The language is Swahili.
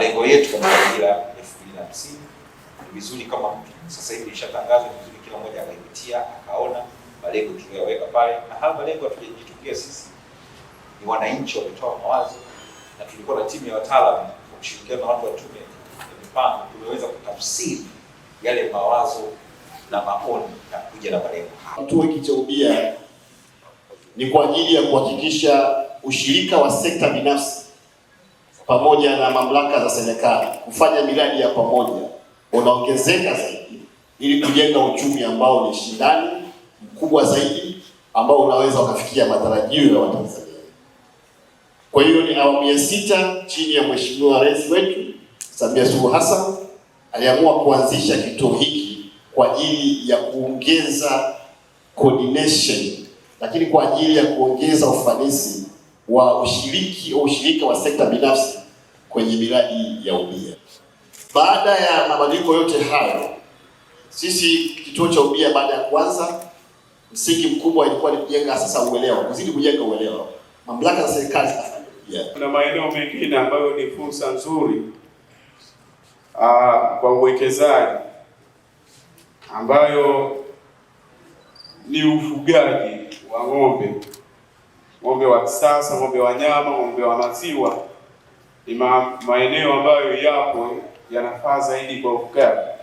malengo yetu katika ajira elfu mbili na hamsini ni vizuri kama sasa hivi ishatangazwa, vizuri kila mmoja akaipitia akaona malengo tuliyoweka pale, na haya malengo hatujajitupia sisi, ni wananchi wametoa mawazo, na tulikuwa na timu ya wataalamu kwa kushirikiana na watu wa tume ya mipango, tumeweza kutafsiri yale mawazo na maoni na kuja na malengo haya. Kituo hiki cha ubia ni kwa ajili ya kuhakikisha ushirika wa sekta binafsi pamoja na mamlaka za serikali kufanya miradi ya pamoja unaongezeka zaidi, ili kujenga uchumi ambao ni shindani mkubwa zaidi, ambao unaweza ukafikia matarajio ya Watanzania. Kwa hiyo ni awamu ya sita chini ya Mheshimiwa Rais wetu Samia Suluhu Hassan aliamua kuanzisha kituo hiki kwa ajili ya kuongeza coordination, lakini kwa ajili ya kuongeza ufanisi wa ushiriki ushirika wa sekta binafsi kwenye miradi ya ubia. Baada ya mabadiliko yote hayo, sisi kituo cha ubia, baada ya kuanza, msingi mkubwa ilikuwa ni kujenga sasa uelewa, kuzidi kujenga uelewa mamlaka za serikali sasa. Kuna maeneo mengine ambayo ni fursa nzuri uh, kwa uwekezaji ambayo ni ufugaji wa ng'ombe ng'ombe wa kisasa, ng'ombe wa nyama, ng'ombe wa maziwa, ni maeneo ambayo yapo yanafaa zaidi kwa ufugaji.